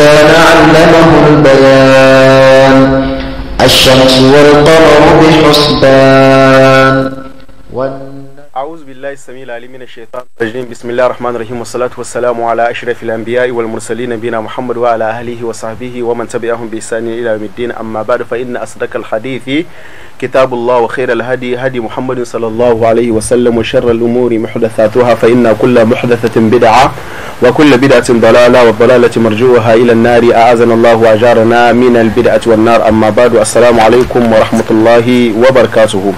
الإنسان علمه البيان الشمس والقمر بحسبان أعوذ بالله السميع العليم من الشيطان الرجيم بسم الله الرحمن الرحيم والصلاة والسلام على أشرف الأنبياء والمرسلين نبينا محمد وعلى أهله وصحبه ومن تبعهم بإحسان إلى يوم الدين أما بعد فإن أصدق الحديث كتاب الله وخير الهدي هدي محمد صلى الله عليه وسلم وشر الأمور محدثاتها فإن كل محدثة بدعة وكل بدعة ضلالة والضلالة مرجوها إلى النار أعاذنا الله وأجارنا من البدعة والنار أما بعد السلام عليكم ورحمة الله وبركاته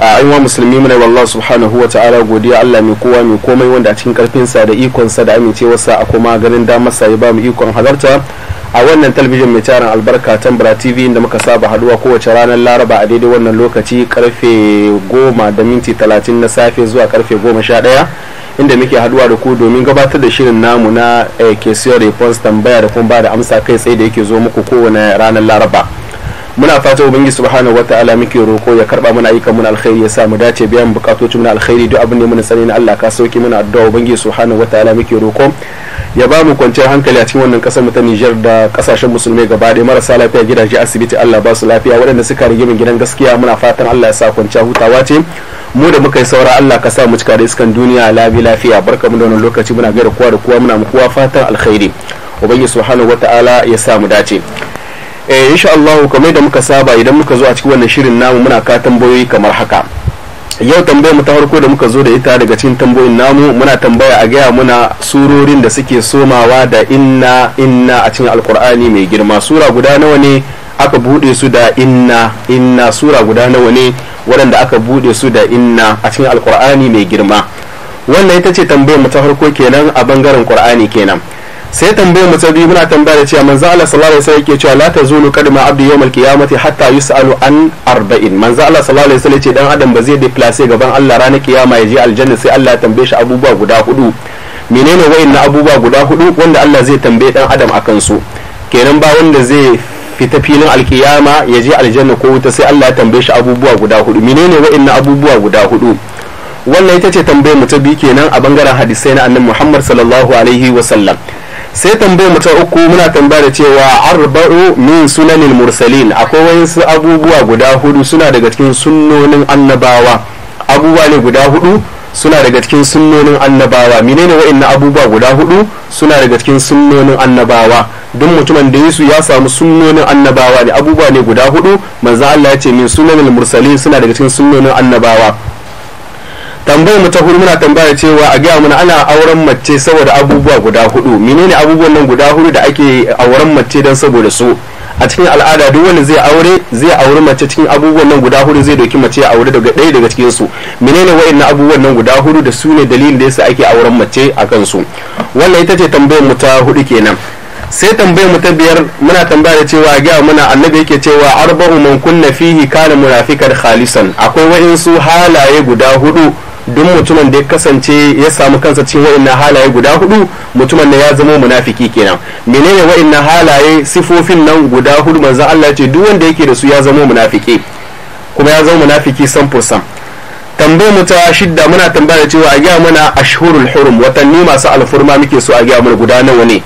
a ayyuwa musulmi muna wallahu subhanahu wa ta'ala godiya Allah mai kowa mai komai wanda a cikin karfinsa da ikonsa da amincewarsa a kuma ganin damarsa ya ba mu ikon halarta a wannan talabijin mai tarin albarka tambara tv inda muka saba haduwa kowace ranar laraba a daidai wannan lokaci karfe goma da minti talatin na safe zuwa karfe goma sha daya inda muke haduwa da ku domin gabatar da shirin namu na eh, kesiyar response tambaya da kuma ba da amsa kai tsaye da yake zo muku kowane ranar laraba muna fata ubangiji subhanahu wataala muke roko ya karba mana ayyukan mun alkhairi ya sa mu dace biyan bukatocin mun alkhairi duk abin da mun sani na Allah ka sauki muna addu'a ubangiji subhanahu wataala muke roko ya ba mu kwanciyar hankali a cikin wannan kasar mu ta Niger da kasashen musulmi gaba da marasa lafiya gidaje asibiti Allah ba su lafiya waɗanda suka rige min gidan gaskiya muna fatan Allah ya sa kwanciya hutawa ce mu da muka yi saura Allah ka sa mu cika da iskan duniya labi lafiya barka mu da wannan lokaci muna gaira kowa da kowa muna mu kowa fatan alkhairi ubangiji subhanahu wataala ya sa mu dace eh insha Allah kamar da muka saba idan muka zo a cikin wannan shirin namu muna ka tambayoyi kamar haka yau tambayar mu ta farko da muka zo da ita daga cikin tambayoyin namu muna tambaya a gaya muna surorin da suke somawa da inna inna a cikin alkur'ani mai girma sura guda nawa ne aka bude su da inna inna sura guda nawa ne waɗanda aka bude su da inna a cikin alkur'ani mai girma wannan ita ce tambayar mu ta farko kenan a bangaren qur'ani kenan sai tambayar mutum biyu muna tambaya da cewa manzo Allah sallallahu alaihi wasallam yake cewa la tazulu kadma abdi yawmal qiyamati hatta yusalu an arba'in manzo Allah sallallahu alaihi wasallam ce dan adam ba zai deplace gaban Allah ranar kiyama ya je aljanna sai Allah ya tambaye shi abubuwa guda hudu menene wayannan abubuwa guda hudu wanda Allah zai tambaye dan adam akan su kenan ba wanda zai fita filin alkiyama ya je aljanna ko wuta sai Allah ya tambaye shi abubuwa guda hudu menene wayannan abubuwa guda hudu wannan ita ce tambayar mutum biyu kenan a bangaren hadisai na annabi Muhammad sallallahu alaihi wasallam sai tambayar mu ta uku muna tambaya da cewa arba'u min sunanil mursalin akwai wayansu abubuwa guda hudu suna daga cikin sunnonin annabawa abubuwa ne guda hudu suna daga cikin sunnonin annabawa menene wa'annan abubuwa guda hudu suna daga cikin sunnonin annabawa duk mutumin da yesu ya samu sunnonin annabawa ne abubuwa ne guda hudu manzo Allah ya ce min sunanil mursalin suna daga cikin sunnonin annabawa tambayar mu ta hudu muna tambaya cewa a gaya muna ana auren mace saboda abubuwa guda hudu menene abubuwan nan guda hudu da ake auren mace don saboda su a cikin al'ada duk wanda zai aure zai auri mace cikin abubuwan nan guda hudu zai doki mace ya aure daga ɗaya daga cikin su menene wayannan abubuwan nan guda hudu da su ne dalilin da yasa ake auren mace a kansu wannan ita ce tambayar mu ta hudu kenan sai tambayar mu ta biyar muna tambaya da cewa a gaya muna annabi yake cewa arba'u man kunna fihi kana munafikan khalisan akwai wayansu halaye guda hudu duk mutumin da ya kasance ya samu kansa cikin wa'annan halaye guda hudu mutumin da ya zama munafiki kenan menene wa'annan halaye sifofin nan guda hudu manzon Allah ya ce duk wanda yake da su ya zama munafiki kuma ya zama munafiki san fursan tambayar mu ta shidda muna tambaya da cewa a gaya mana ashhurul hurum watanni masu alfurma muke so a gaya mana guda nawa ne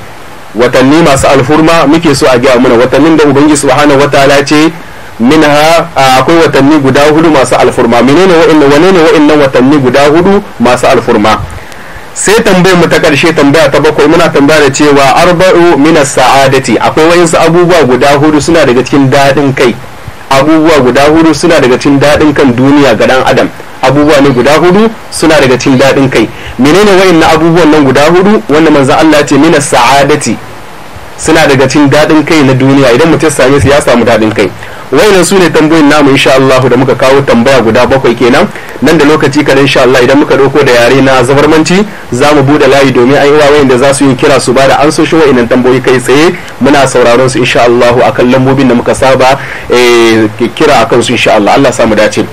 watanni masu alfurma muke so a gaya mana watannin da ubangiji subhanahu wataala ce minha ah, akwai watanni guda hudu masu alfurma menene wa'annan wane ne wa'annan watanni guda hudu masu alfurma sai tambayar mu ta karshe tambaya ta bakwai muna tambaya da cewa arba'u minas sa'adati akwai wayansu abubuwa guda hudu suna daga cikin dadin kai abubuwa guda hudu suna daga cikin dadin kan duniya ga dan adam abubuwa ne guda hudu suna daga cikin dadin kai menene wa'annan abubuwan nan guda hudu wanda manzo Allah ya ce minas sa'adati suna daga cikin dadin kai na duniya idan mutum same su ya samu dadin kai wayannan su ne tambayin namu insha Allah da muka kawo tambaya guda bakwai kenan nan da lokaci kadan insha Allah idan muka dauko da yare na zabarmanci za mu bude layi domin ai wa wayanda za su yi kira su ba da ansoshin wayannan tambayoyi kai tsaye muna sauraron su insha Allah akan lambobin da muka saba eh, kira akan su insha Allah Allah samu dace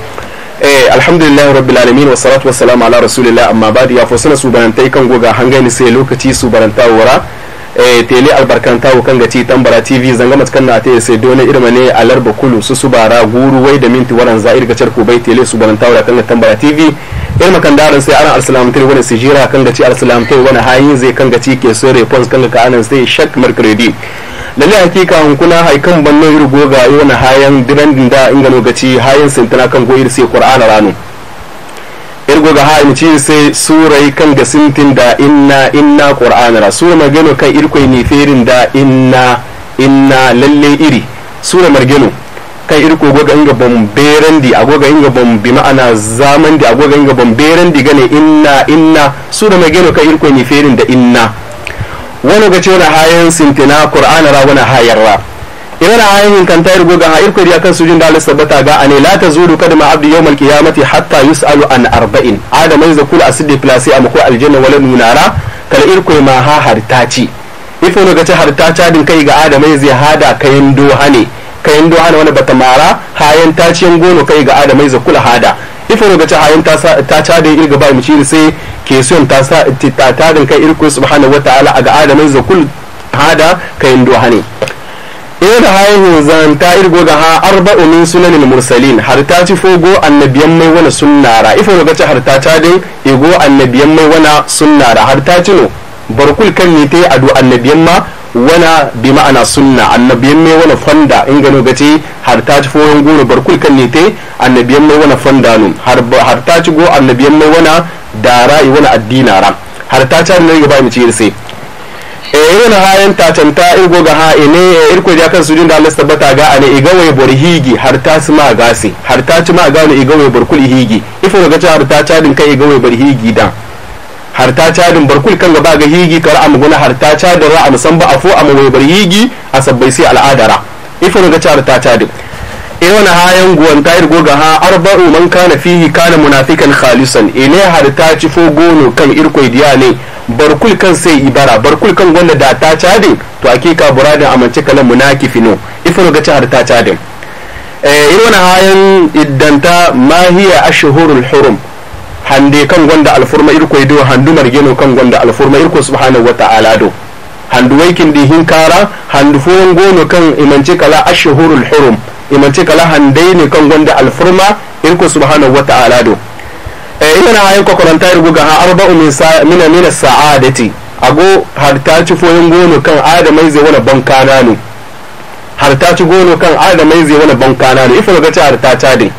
eh alhamdulillah rabbil alamin wa salatu wassalamu ala rasulillah amma da ya fusuna su barantai kan goga hangani sai lokaci su baranta wara Eh, tele albarkanta ko kan gaci tambara tv zanga matkan na ta sai dole irma ne larba kulu su su bara guru wai da minti waran za irga cerko bai tele su baran tawra kan tambara tv irma kan darin sai ana alsalam tai wani sijira kan gaci alsalam tai wani hayi zai kan gaci ke so response kan ka anan sai shak mercredi lalle hakika kuna haikan banno irgo ga wani hayan dirandin da inga lokaci hayan sintana kan goyir sai qur'ana ranu goga ha haini ci sai surai kan ga sintin da inna inna qur'ana ra sura magano kan irkoi ni ferin da inna inna lalle iri sura margano kan irko goga inga bomberen di agoga inga bom bi ma'ana zaman di agoga inga bomberen di gane inna inna sura magano kan irkoi ni ferin da inna wani ga cewa hayan sintina qur'ana ra wani hayarra imana ayin kan tayar goga ha irko riya kan sujin da alisa bata ga ane la ta tazulu ma abdi yawm alqiyamati hatta yusalu an arba'in adam ya zakul asidi plasi am ko aljanna wala nunara kal irko ma ha hartaci ifo ga ta hartaca din kai ga adam mai zai hada kayan dohane kayan dohane wani bata mara hayan taciyan gono kai ga adam mai zakul hada ifo no gace hayan ta cadin irga ba mu ci sai ke son ta sa tadin kai irko subhanahu wataala ga adam mai zakul hada kayan dohane da haihu zan ta irgo ga ha arba umin sunanin mursalin har ta ci fogo annabiyan mai wani sunnara ifo ga ci har ta ta din igo annabiyan mai wani sunnara har ta ci no barkul kan ni te adu annabiyan ma wana bi ma'ana sunna annabiyan mai wani fanda in gano gace har ta ci fogon goro barkul kan ni te annabiyan mai wani fanda nun har ta ci go annabiyan mai wani dara i wani addinara har ta ci ne ga ba mu ci sai wona hayan tacanta in goga ha ne e, irko ja kan sujin da Allah tabbata ga ane igawai burhigi har ta suma gasi har ta ma ga ne igawai burkul higi ifo ga ta har ta cadin kai igawai burhigi da har ta cadin bor kan ga ba ga higi kar am guna har ta cadin ra am san ba afu am wai burhigi a sabbai sai al'adara ifo ga ta har ta cadin wani hayan guwan ta irgo ga ha arba'u man kana fihi kana munafikan khalisan ile har ta ci fo gono kan irko diya ne barkul kan sai ibara barkul kan gwanda da ta cadin to akika buradin amince kalan munakifi no ifiro ga har ta cadin eh wani hayan iddanta mahiya ashhurul hurum hande kan gwanda alfurma irko ido handu margeno kan gwanda alfurma irko subhanahu wata'ala do handu waikin di hinkara handu fuwon gono kan imance kala ashhurul hurum imance kala hande ne kan gwanda alfurma irko subhanahu wata'ala do Eh, ina hayin kokoranta irguga ha arba'u min min sa'adati ago har ta ci foyin gono kan adamai zai wani bankana ne har ta ci gono kan adamai zai wani bankana ne ifa ga ta har ta ta din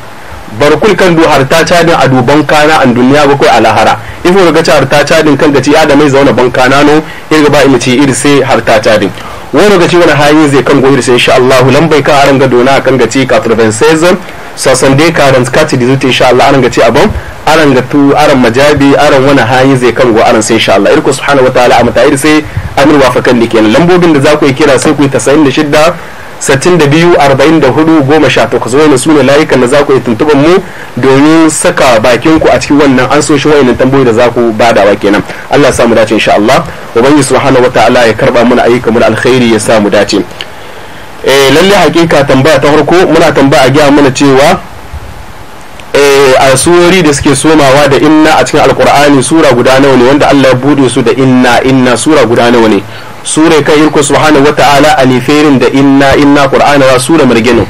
barkul kan du har ta ta din a duban kana an duniya ba kai alahara ifa ga ta har ta ta din kan gaci adamai zai wani bankana no ga ba ci iri sai har ta ta din wani gaci wani hayi zai kan goyi sai insha Allah lan bai ka aran ga dona kan gaci 96 sasan dai karanta kati da zuta insha Allah an gaci abon aran gatu aran majabi aran wani hayi zai kan go aran sai insha Allah irku subhanahu ta'ala a mutayir sai amir kan da kenan lambobin da za ku yi kira sai ku yi 96 62 44 18 su sune layukan da za ku yi tuntuban mu domin saka bakin ku a cikin wannan an so shi wayannan tambayoyi da za ku badawa kenan Allah ya samu dace insha Allah ubangi subhanahu ta'ala ya karba mana ayyuka mu alkhairi ya samu dace eh lalle hakika tambaya ta farko muna tambaya a gaya mana cewa a surori da suke somawa da inna a cikin alkur'ani sura guda nawa ne wanda Allah ya bude su da inna inna sura guda nawa ne sura kan irko subhanahu wata'ala aliferin da inna inna qur'ana wa sura marginin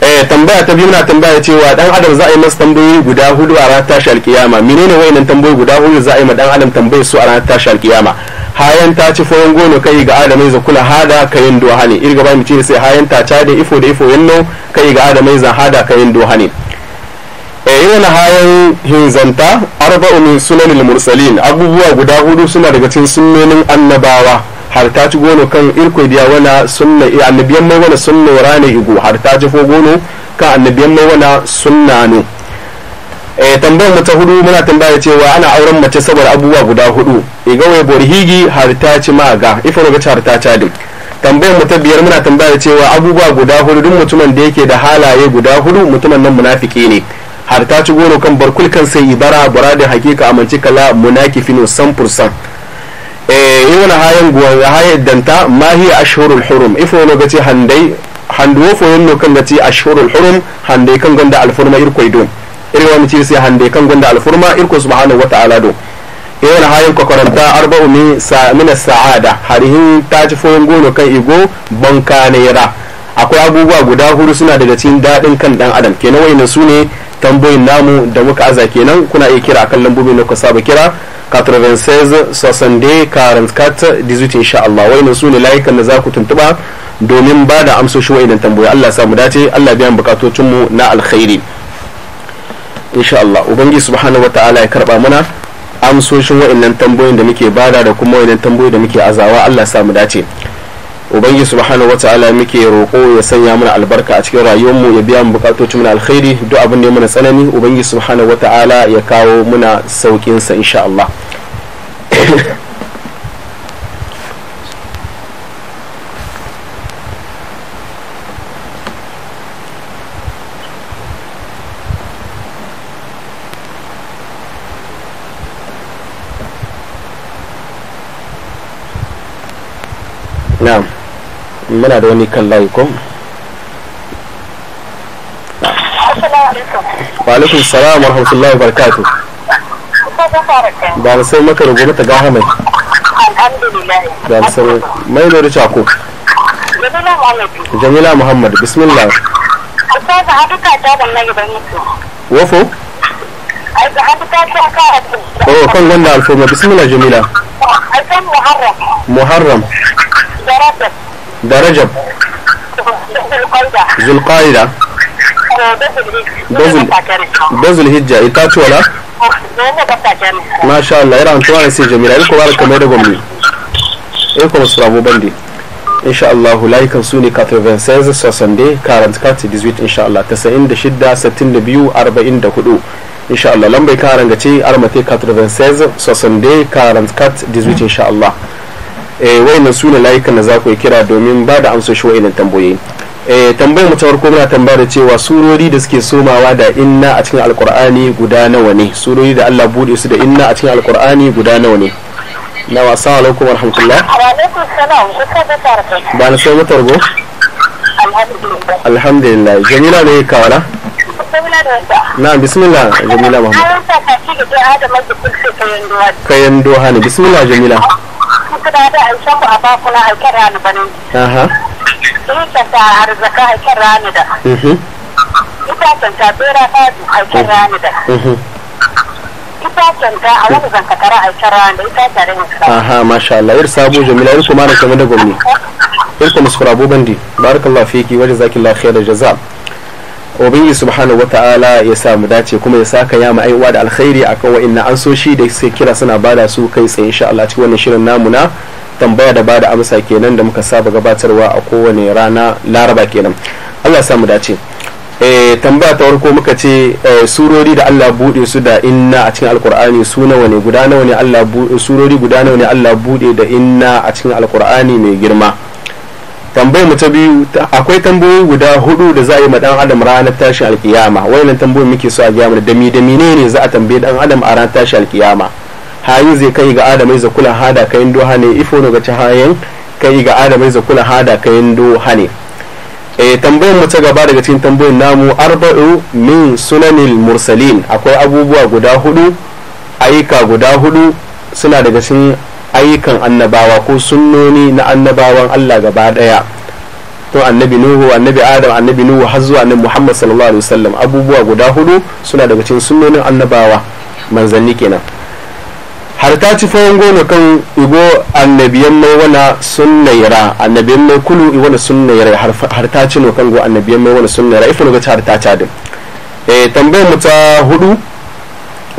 eh tambaya ta biyu na tambaya cewa dan adam za a yi masa tambayoyi guda hudu a ranar tashi alkiyama menene wayannan tambayoyi guda hudu za a yi ma dan adam tambaye su a ranar tashi alkiyama hayan ta ci foyon gono kai ga adamai za kula hada kayan doha ne irga ba mu ce sai hayan ta ca da ifo da ifo yanno kai ga adamai za hada kayan doha ne bayyana hayan hinzanta arba'u min sunanil mursalin abubuwa guda hudu suna daga cikin sunnonin annabawa har ta ci gono kan irko diya wana sunna e annabiyan mai wana sunna rane igu har ta ci fo gono kan annabiyan mai wana sunna ne eh tambayar mu ta hudu muna tambaya cewa ana auren mace saboda abubuwa guda hudu e, wai borhigi har ta ci maga ifaro ga har ta ci tambayar mu ta biyar muna tambaya cewa abubuwa guda hudu duk mutumin da yake da halaye guda hudu mutumin nan munafiki ne har ta ci goro kan barkul kan sai ibara buradin hakika amince kala munakifin san fursan eh yana hayan guwa ya hayan danta ma hiya ashhurul hurum ifo no gace handai handuwo fo yanno kan gace ashhurul hurum handai kan ganda alfurma irkoi don wani ce sai handai kan ganda alfurma irko subhanahu wataala don yana hayan kokoranta arba'u min sa sa'amina sa'ada harihin ta ci foyon goro kan igo banka bankanera akwai abubuwa guda huru suna daga cikin daɗin kan dan adam kenan wayannan su ne tambayin namu da muka aza kenan kuna iya kira akan lambobi na ku saba kira 96 44 18 insha Allah wai su ne layukan da za ku tuntuba domin ba da amsoshi wayannan tambayoyi Allah samu dace Allah biyan bukatocin mu na alkhairi insha Allah ubangi subhanahu wataala ya karba mana amsoshin wayannan tambayoyin da muke bada da kuma wayannan tambayoyi da muke azawa Allah samu dace ubangi subhanahu wataala muke roko ya sanya mana albarka a cikin rayuwar mu ya biya mu bukatocin mana alkhairi duk abin da ya mana tsanani ubangi subhanahu wataala ya kawo muna saukin sa insha Allah muna da wani kan layi ko wa alaikum salam wa rahmatullahi wa barakatuh da sai maka rubuta ta gaha mai da sai mai da rica ko jamila muhammad bismillah ustaza abuka ta da mai ban mutu wofo da ta Oh, kan ganda alfoma bismillah jamila. Muharram. Muharram. da rajab zulqaida da zulhijja ita tuwala masha Allah yana tuwa ne sai jamila iko wara kamar da gwamni iko musu rabu bandi insha Allah layukan su ne 96 karanta kati 18 insha Allah 96 62 44 insha Allah lambai karan ce armate 96 sosande karanta kati 18 insha Allah Eh, wayannan su ne layukan da za ku kira domin ba da amsoshi wayannan tambayoyi eh, tambayar mu ta farko muna tambaya da cewa surori da suke somawa da inna a cikin alkur'ani guda nawa ne surori da Allah bude su da inna a cikin alkur'ani guda nawa ne na wasu alaikum warahmatullah ba na so mutar go alhamdulillah jamila ne kawala na bismillah jamila muhammad kayan doha ne bismillah jamila kudaden an shaku a bakuna a kyan rani banin. Ita ta arzaka a kyan rani da. Ita canta bera ta a kyan rani da. Mhm. Ita canta a wani zankatara a kyan rani da ita tare musu. Aha masha Allah yar sabo jamila yar kuma da kame da gwamni. Yar kuma sukura abubuwan di barakallahu fiki wajen zaki lafiya da jaza. ubangiji subhanahu wata'ala ya sa mu dace kuma ya saka ya ma'aiwa da alkhairi akan ina an so shi da sai kira suna bada su kai tsaye insha Allah cikin wannan shirin namu na tambaya da bada amsa kenan da muka saba gabatarwa a kowane rana laraba kenan Allah ya sa mu dace eh tambaya ta farko muka ce eh, surori da Allah bude su da inna a cikin alkur'ani su nawa ne guda nawa ne Allah bude surori guda nawa ne Allah bude da inna a cikin alkur'ani mai girma tambayar mu ta biyu akwai tambayoyi guda hudu da za a yi ma dan adam ranar tashi alkiyama wayannan tambayoyi muke so a gaya mana da mi da menene za a tambaye dan adam a ranar tashi alkiyama hayin zai kai ga adamai kula hada kai ndo hane ifo no gaci hayan kai ga adamai kula hada kai ndo hane eh tambayar mu ta gaba daga cikin tambayoyin namu arba'u min sunanil mursalin akwai abubuwa guda hudu ayyuka guda hudu suna daga cikin ayyukan annabawa ko sunnoni na annabawan Allah gaba daya to annabi nuhu annabi adam annabi nuhu har zuwa annabi muhammad sallallahu alaihi wasallam abubuwa guda hudu suna daga cikin sunnonin annabawa manzanni kenan har ta ci fawon goma kan igo annabiyan mai wana sunnaira annabiyan mai kulu i wana sunnaira har ta ci no kan go annabiyan mai wana sunnaira ifa ga har ta ta din eh tambayar mu ta hudu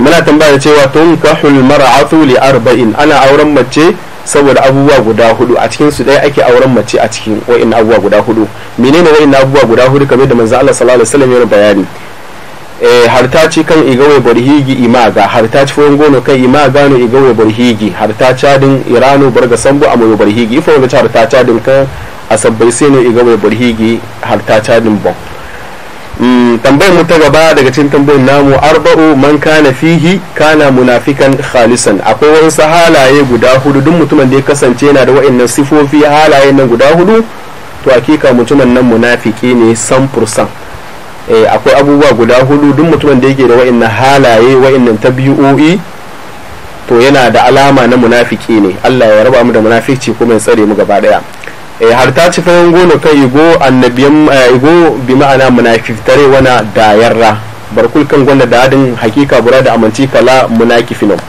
muna tambaya cewa tun tunkahul mar'atu li arba'in ana auren mace saboda abubuwa guda hudu a cikin su dai ake auren mace a cikin wa'in abubuwa guda hudu menene wa'in abubuwa guda hudu kamar da manzo Allah sallallahu alaihi wasallam ya bayani eh hartaci kan igawe barhigi imaga hartaci foyin gono kan imaga no igawe barhigi hartaca din irano barga sambu amoyo barhigi ifo wani hartaca din kan asabbai sai no igawe barhigi hartaca din bon Mm, tambayar mu ta gaba daga cikin tambayar namu arba'u man kana fihi kana munafikan khalisan akwai wasu halaye guda hudu duk mutumin da ya kasance yana da wa'annan sifofi halaye nan guda hudu to hakika mutumin nan munafiki ne san eh, akwai abubuwa guda hudu duk mutumin da yake da wa'annan halaye wa'annan tabi'o'i to yana da alama na munafiki ne Allah ya raba mu da munafici kuma ya tsare mu gaba daya har ta ci fayin gono kan igo annabiyan igo bi ma'ana munafiftare wana da yarra barkul kan gonda da adin hakika bura da amanci kala munakifinom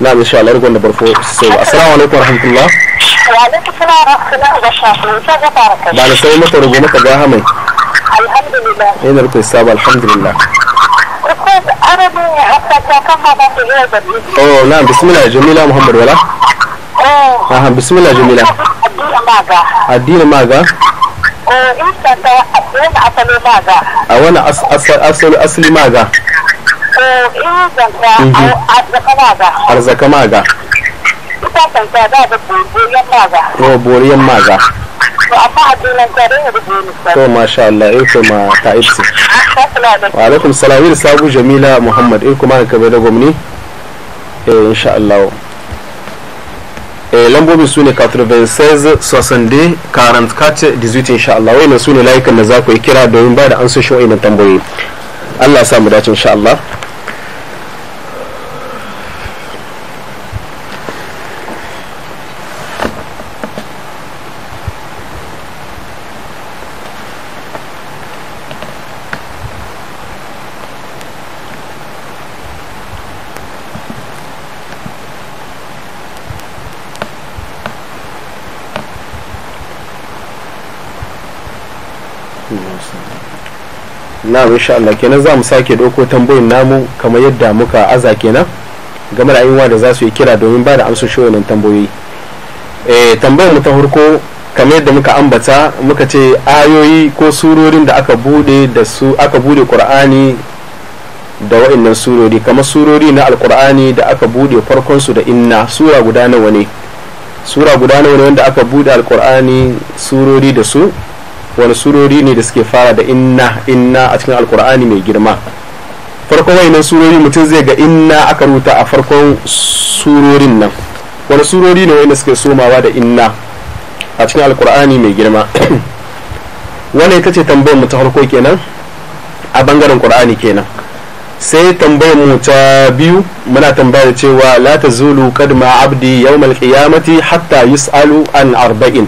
na insha Allah gonda barfo sai assalamu alaikum warahmatullah wa alaikum assalam wa rahmatullahi wa barakatuh ba da sai mata rubu maka ga hamai alhamdulillah ina rubuta saba alhamdulillah أوه نعم بسم الله جميلة محمد ولا؟ آه بسم الله جميلة maga addini maga eh, in ta wani asali maga a wani asali asali maga eh, arzaka mhm. maga in ita kanta da da boriyan maga to boriyan maga to amma addinin ta dai da boriyan to masha Allah in kuma ta ibsi wa alaikum salam sabu jamila muhammad in kuma ka bai da gwamni eh insha Allah eh, lambobin su ne 96-64-44-18 insha Allah wai su ne layukan da za ku yi kira domin ba da ansoshin wa'innan tambayoyi Allah ya samu dace insha Allah na'am insha Allah kenan za mu sake doko tambayin namu kamar yadda muka aza kenan game da ayyuka da za su yi kira domin ba da amsoshin wannan tambayoyi eh tambayar mu ta farko kamar yadda muka ambata muka ce ayoyi ko surorin da aka bude da su aka bude qur'ani da wa'annan surori kamar surori na alqur'ani da aka bude farkon su da inna sura guda nawa ne sura guda nawa ne wanda aka bude alqur'ani surori da su wani surori ne da suke fara da inna inna a cikin alkur'ani mai girma farkon wayannan surori mutum zai ga inna aka ruta a farkon surorin nan wani surori ne wayanda suke somawa da inna a cikin alkur'ani mai girma wani ita ce tambayar mu ta farko kenan a bangaren qur'ani kenan sai tambayar mu ta biyu muna tambayar cewa la tazulu qadma abdi yawmal qiyamati hatta yus'alu an arba'in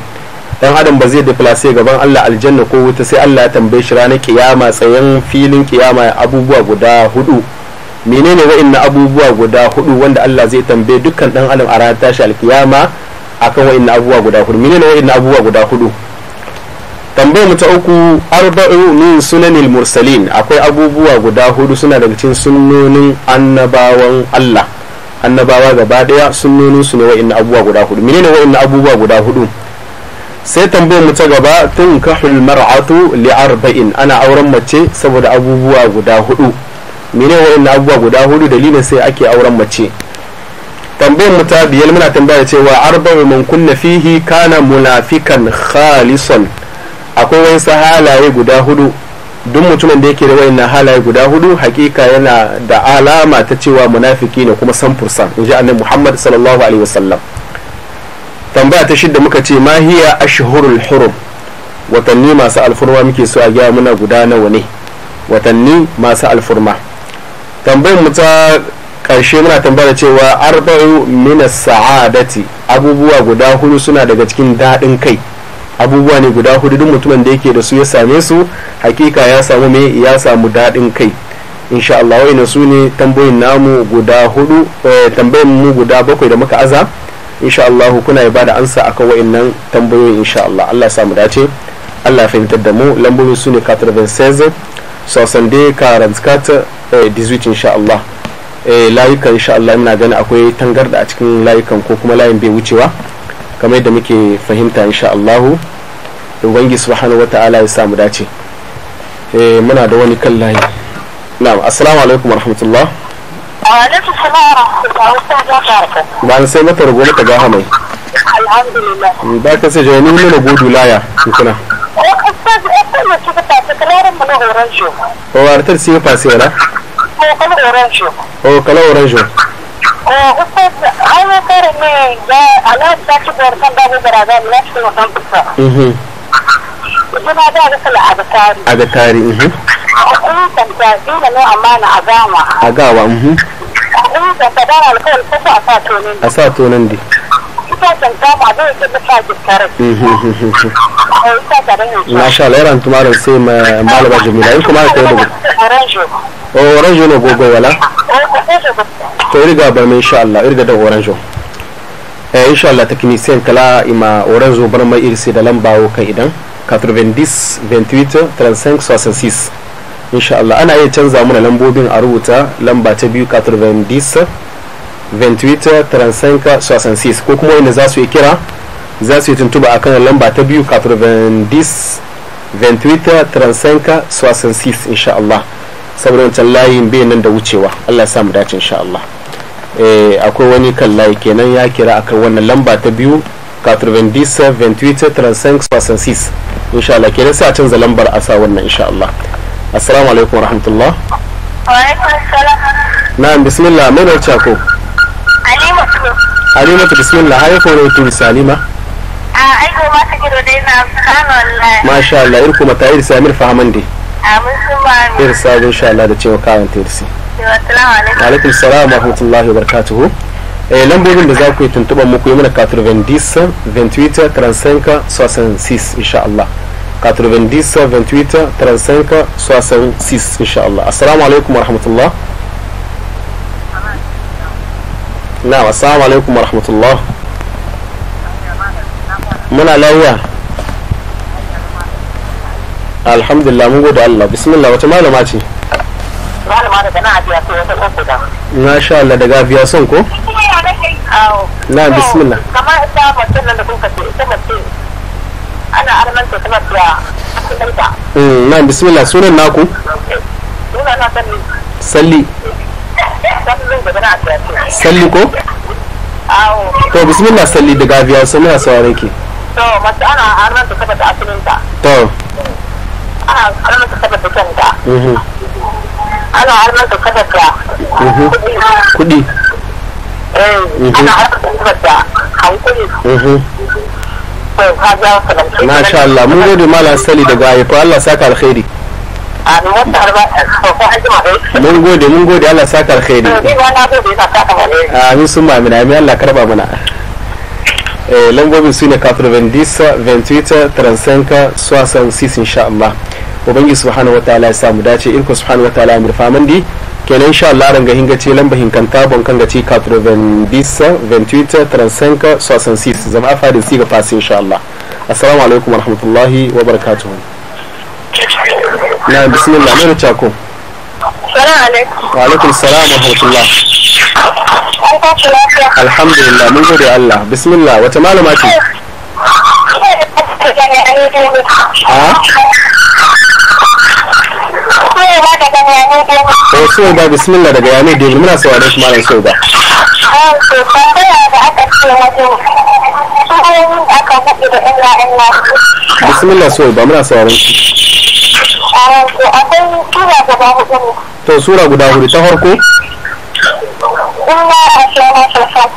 dan adam ba zai deplace gaban Allah aljanna ko wuta sai Allah ya tambaye shi ranar kiyama tsayan filin kiyama abubuwa guda hudu menene wa'inna abubuwa guda hudu wanda Allah zai tambaye dukkan dan adam a ranar tashi alkiyama akan wa'inna abubuwa guda hudu menene wa'inna abubuwa guda hudu tambaye mu ta uku arba'u min sunanil mursalin akwai abubuwa guda hudu suna daga cikin sunnonin annabawan Allah annabawa gaba daya sunnonin su ne wa'inna abubuwa guda hudu menene wa'inna abubuwa guda hudu sai tambayar mu ta gaba tun kahul mar'atu arba'in ana auren mace saboda abubuwa guda hudu mene wa'in abubuwa guda hudu dalilin sai ake auren mace tambayar mu ta biyar muna tambaya cewa arba'u man kunna fihi kana munafikan khalisan akwai wasu halaye guda hudu duk mutumin da yake da wayannan halaye guda hudu hakika yana da alama ta cewa munafiki ne kuma san fursan in ji annabi Muhammad sallallahu alaihi wasallam tambaya ta shidda muka ce ma hiya ashhurul hurum watanni masu alfurma muke so a gaya muna guda nawa ne watanni masu alfurma tambayar mu ta karshe muna tambaya cewa arba'u min sa'adati abubuwa guda hudu suna daga cikin daɗin kai abubuwa ne guda hudu duk mutumin da yake da su ya same su hakika ya samu me ya samu daɗin kai insha Allah wa'ina su ne namu guda hudu eh, tambayin mu guda bakwai da muka aza insha Allah kuna ya bada ansa akan wa'annan tambayoyi insha Allah Allah ya samu dace Allah ya fahimtar da mu lambobin su ne 96 sosande 44 18 eh, insha Allah eh, layukan insha Allah ina gani akwai tangarda a cikin layukan ko kuma layin bai wucewa kamar yadda muke fahimta insha Allah ubangi subhanahu wata'ala ya samu dace eh, muna da wani kan layi na'am assalamu alaikum warahmatullahi وليس سمارة بعد sai mata rago mata gaha mai alhamdulillah ba ka sai jani mun rago dulaya kuna ko ustaz ustaz mu ta ta kalaran mun orange ko wartar sai fa sai la ko kala orange ko kala orange ko ustaz ai ne kare ne ga ala ta ci gorkan da bara da mun ci wannan kusa mhm kuma da ga sala a ga tari a ga tari mhm a gawa mhm a sa tonan dai mhm. masha Allah yaran tumarin sai malaba jamila in kuma ta yi dubu o oranjo ne gogo wala to irga ba insha Allah irga da oranjo eh insha Allah technicien kala ima oranjo bar mai irsi da lambawo kan idan 90 28 35 66 insha Allah ana iya canza mana lambobin a rubuta lamba ta biyu katar vendis ventwitter transenka sosansis ko kuma wanda za su yi kira za su yi tuntuba a kan lamba ta biyu katar vendis ventwitter transenka sosansis insha Allah saboda wancan layin bai nan da wucewa Allah ya samu dace insha Allah eh, akwai wani kan layi kenan ya kira akan wannan lamba ta biyu 97 28 35 66 insha Allah kenan sai a canza lambar asa wannan insha Allah assalamu alaikum wa rahmatullah wa alaikum assalam na'am bismillah mai da ko alimatu alimatu bismillah haye ko ne tu salima a ai go ma ta giro dai na subhanallah masha Allah irku mata irsa amir fahaman dai amin subhanallah irsa insha Allah da cewa kawanta irsi wa wa eh, lambobin da za ku yi tuntuban muku yi mana 427 28 35 66 insha Allah 90 28 35 assalamu alaikum warahmatullah na'am assalamu alaikum warahmatullah muna lafiya alhamdulillah mun gode Allah bismillah wata malama ce malama da tana abiya so wata kokuta masha Allah daga abiya son ko na bismillah kamar mutum nan da kuka ce ita mutum ana armanta tana da kudinta na bismillah sunan naku sunan na salli salli salli ko awo. to bismillah salli daga biya su muna saurare ki to masu ana armanta tana da asalinta to ana armanta tana da kanta mm-hmm. ana armanta tana da kuɗi. ana armanta tana da hankali mm-hmm. sha Allah mun gode malam sali daga ayyuka Allah saka alkhairi mun gode mun gode Allah saka alkhairi amin sun ma amina amin Allah karba mana eh lambobin su ne ventuita transenka 35 66 insha Allah ubangi subhanahu wataala ya samu dace irko subhanahu wataala ya mirfa mandi kenan insha Allah ran ga hinga ce lamba hinkanta bon kan ga ci 90 28 35 66 zama fadin siga fasi insha Allah assalamu alaikum warahmatullahi wabarakatuh na bismillah mai rubuta ko assalamu alaikum wa alaikum assalam wa rahmatullah alhamdulillah mun gode Allah bismillah wata malama ce ha Eh so ba bismillah daga yami da muna saurare da aka ce wajen ayoyin aka da Bismillah so ba muna saurare shi. to akwai sura guda hudu ne. guda ta farko?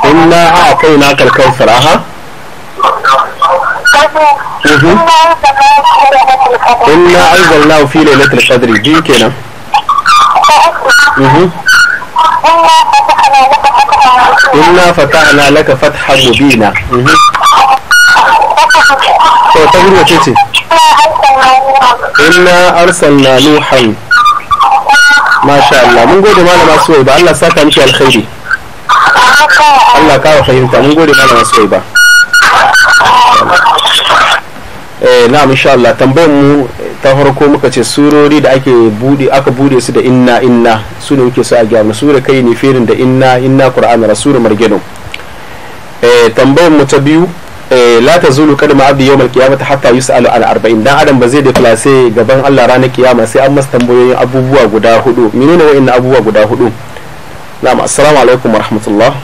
Inna a kai na karkar faraha إنا عز الله في ليلة القدر جين كنا إنا فتحنا لك فتحا مبينا إنا أرسلنا نوحا ما شاء الله من قول ما أنا مسوي بقى الله ساكن في الخيري الله كاو خيرتا من قول ما أنا مسوي بقى Eh, na'am insha Allah tambayar mu ta farko muka ce surori da ake bude aka bude su da inna inna su ne muke so a gyara sura kai ne firin da inna inna qur'an rasul margeno eh tambayar mu ta biyu eh, la tazulu kadma abdi yawmal qiyamati hatta yusalu an arba'in dan adam ba zai da klase gaban Allah ranar kiyama sai an masa tambayoyin abubuwa guda hudu menene wa'annan abubuwa guda hudu na'am assalamu alaikum warahmatullahi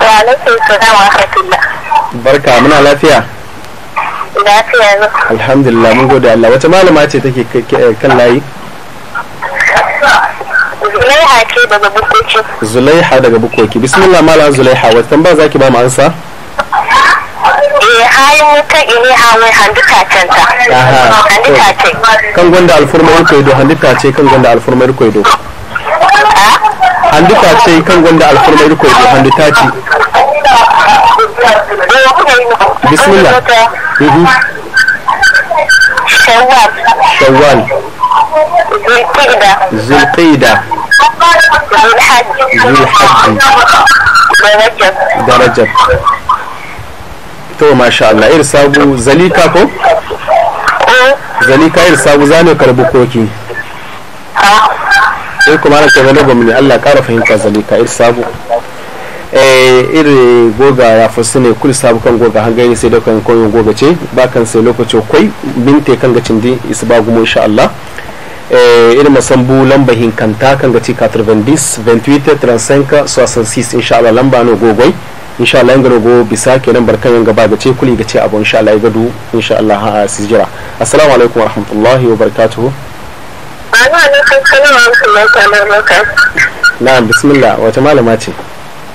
wa alaikum assalam wa rahmatullah barka muna lafiya lafiya alhamdulillah mun gode Allah wata malama ce take kan layi Zulaiha ce daga Bukoki Zulaiha daga Bukoki bismillah malam Zulaiha wata tambaya zaki ba mu ansa kan gonda gwanda alfurmar do handuka ce kan gonda gwanda alfurmar do Handuka ce kan gonda gwanda alfurmar do handuka ce eh, bismillah shawwal shawwal zulqida zulhajji to masha Allah ir sabu zalika ko eh? zalika ir sabu zane karbi koki sai ah. eh, kuma ana ke wani gwamnati Allah ƙara fahimta zalika Eh, iri goga ya fusu ne kuli sabu kan goga hangari sai daukan koyon goga ce bakan sai lokaci kwai binte kan gacin di ba gumo insha Allah eh, iri masambu lamba hinkanta kan gaci 90 28 35 66 insha Allah lamba no gogoi insha Allah yanga go bisa lambar kan yanga ba gace kuli gace abu insha Allah ya gadu insha Allah ha sijira assalamu alaikum wa rahmatullahi wa barakatuhu Na'am bismillah wata malama ce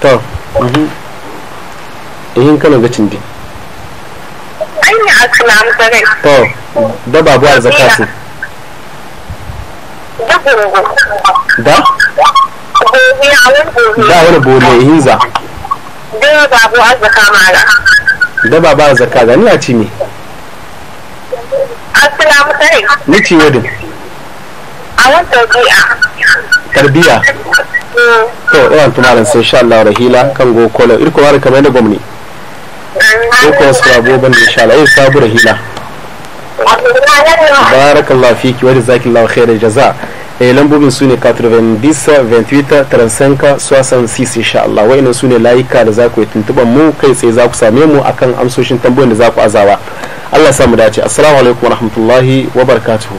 to ihin mhm. eh, kana gacin bi to da babu a zakatu da da wani bole hinza da babu a zaka mara Daba babu a zaka da ina ci ne ni ci wadin a wannan tarbiya to iran tunanin sai sha Allah rahila kan go kola irko har kamar da gwamni ko ko su rabo ban da insha Allah sabu rahila barakallahu fiki wa jazakallahu khairan jaza eh lambobin su ne 90 28 35 66 insha Allah wayannan su ne layuka da za ku yi tuntuban mu kai sai za ku same mu akan amsoshin tambayoyin da za ku azawa Allah samu dace assalamu alaikum wa wabarakatuh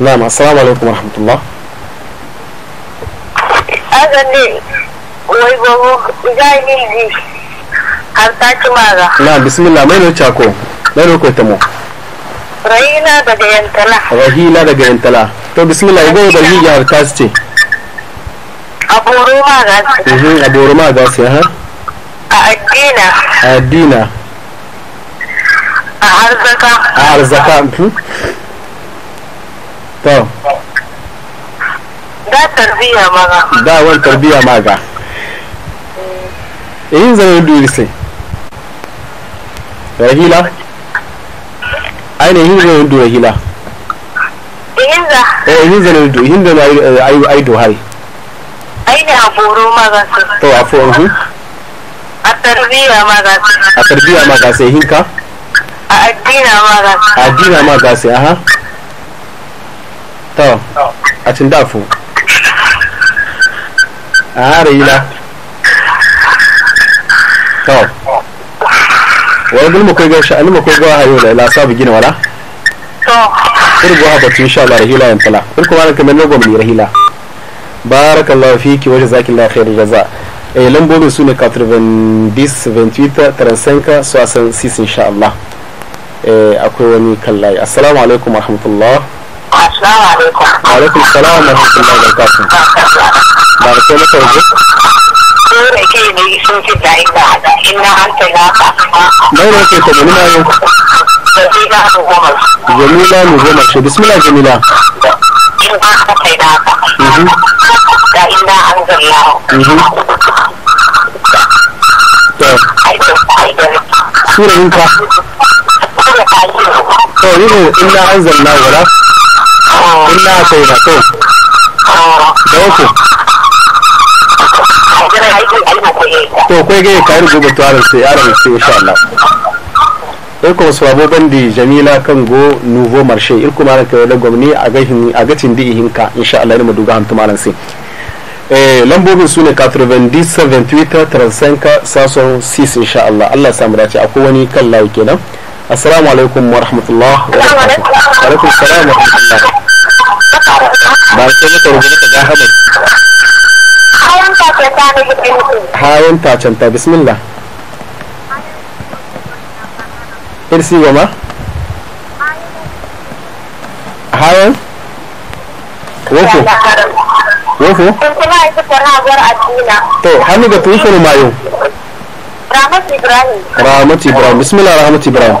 na'am assalamu alaikum wa ne wai babu gani ji har ta ci mara na bismillah mai no chako mai no koitamo rahina daga yantala rahina daga yantala to bismillah ibo da hiji har ta ce a boro ma gasi a boro ma gasi ha a addina a addina a arzaka a arzaka mhm. to da tarbiya maga da wal tarbiya maga eh, yin zai da sai rahila ainihin zai duri rahila ihinza eh ihinza eh, eh, ne do ihinza na ayu ayu do hari aini aboro maga to afo uhu a tarbiya maga a tarbiya maga sai hinka a addina maga addina maga sai aha to a cin dafu عاريلة طب وأقول مكوجا أنا مكوجا هيولا لا صعب يجينا ولا قربوها بس إن شاء الله رهيلة ينطلع قلكم أنا كمان نقوم من رهيلة بارك الله فيك وجزاك الله خير الجزاء إيه لمبوبي سونة 90 28 35 66 إن شاء الله إيه أكون كلاي السلام عليكم ورحمة الله Assalamu alaikum. Wa alaikum salam wa rahmatullahi wa barakatuh. Barke maka yanzu. Dole ke ne sun fi da ina hanta na ka. Dole ke ta gani na yau. Jamila Mugoma. Jamila Mugoma ce. Bismillah Jamila. In ba ka sai da Da ina an zalla. Mhm. To. Sura yinka. Sura ta yi. To yi ne ina an zalla wala. sai ataina to da uku to kai ga ka rubu tuwarin sai yaran sai insha Allah sai irko su babo bandi jamila kan go nuvo marshe irko mara kai da gwamni a ga hin a ga tin di hinka insha Allah ne mu duga hantu malan sai eh lambobin su ne 972835 insha Allah Allah samu dace akwai wani kan lawo kenan assalamu alaikum wa rahmatullah wa alaikum assalam wa rahmatullah ba sai mata rubuta ka ga haɗari kayan tacenta bismillah irsi goma hayan wofo wofo to hannu ga tun mayo rahmat ibrahim rahmat ibrahim bismillah rahmat ibrahim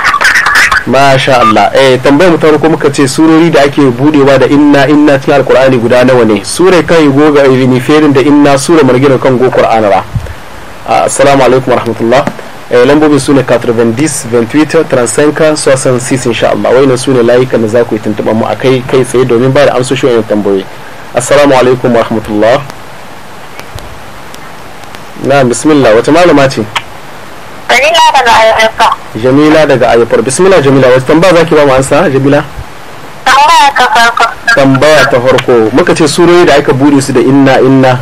masha Allah eh tambayar mu ta muka ce surori da ake budewa da inna inna cikin alqur'ani guda nawa ne sura kai goga eh, ibn ferin da inna sura margina kan go qur'ana ra ah, assalamu alaikum warahmatullah eh lambobin su ne 90 28 35 66 insha Allah wayannan su ne layukan da za ku mu akai kai tsaye domin ba da amsoshi wannan tambayoyi assalamu alaikum warahmatullah na bismillah wata malama ce jamila daga ayyuka jamila daga ayyuka bismillah jamila wasu tambaya zaki ba mu ansa jamila tambaya ta farko tambaya ta farko muka ce surori da aka bude su da inna inna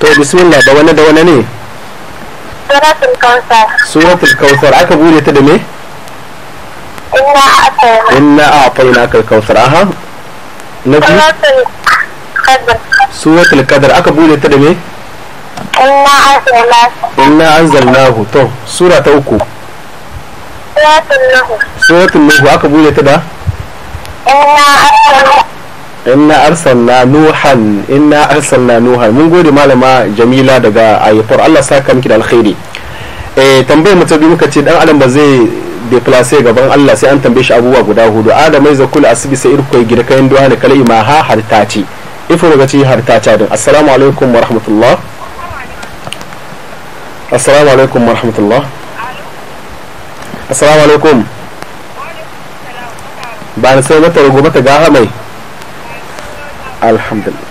to bismillah da wani da wani ne suratul kawthar suratul kawthar aka bude ta da me inna a faina kal kawthar aha na suratul qadr suratul qadr aka bude ta da me inna anzalnahu to sura ta uku suratul nuhu aka bude ta da inna arsalna nuhan inna arsalna nuhan mun gode malama jamila daga ayator Allah saka miki da alkhairi eh tambayar mu ta biyu muka ce dan adam ba zai deplace gaban Allah sai an tambaye shi abubuwa guda hudu adam mai zakul asibi sai irko gida kayan duwa da kalai ma ha hartaci ifo daga ci hartaci din assalamu alaikum wa rahmatullah السلام عليكم ورحمة الله السلام عليكم بعد سنة رجوبة جاها مي الحمد لله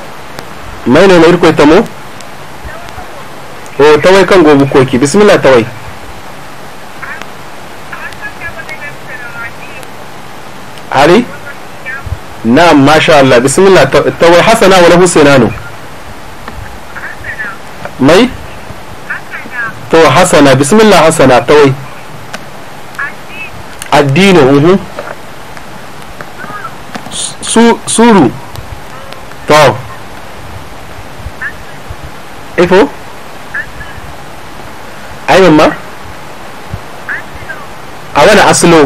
مين انا اركو يتمو او توي كان غوبو كويكي بسم الله توي علي نعم ما شاء الله بسم الله توي حسنا وله سنانو مي to hasana bismillah hasana tawai addini uhu suru to ifo ayin ma a wani asilo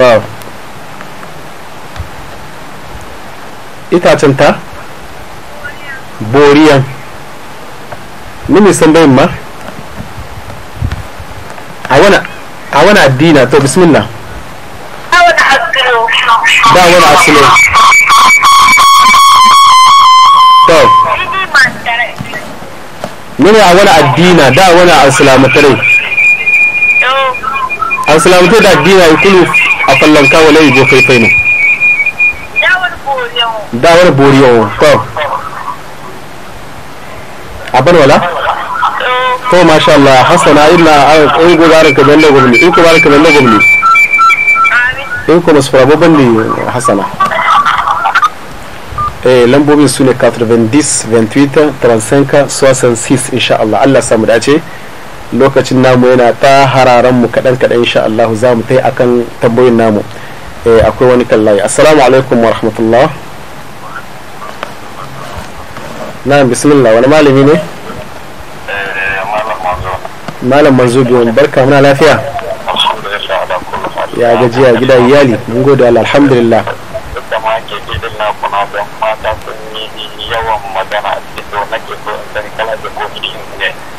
to itacen ta boriyan mini sandayin ma وانا a wani addina to bismillah ba wani asilo to mene a wani addina da wani asilamatare asilamatare da addina ya kulu a fallon kawo layi je faifai ne dawar boriyo to abin wala? to masha Allah hasana illa in go baraka balle gobni in ko baraka balle gobni in ko masfara balle hasana eh lambobin su ne 90 28 35 66 insha Allah Allah samu dace lokacin namu yana ta hararen mu kadan kadan insha Allah za mu tai akan tambayoyin namu eh akwai wani kallaye assalamu alaikum wa rahmatullah na bismillah wani malami ne malam marzuki wani barka muna lafiya ya gaji a gida iyali mun gode Allah alhamdulillah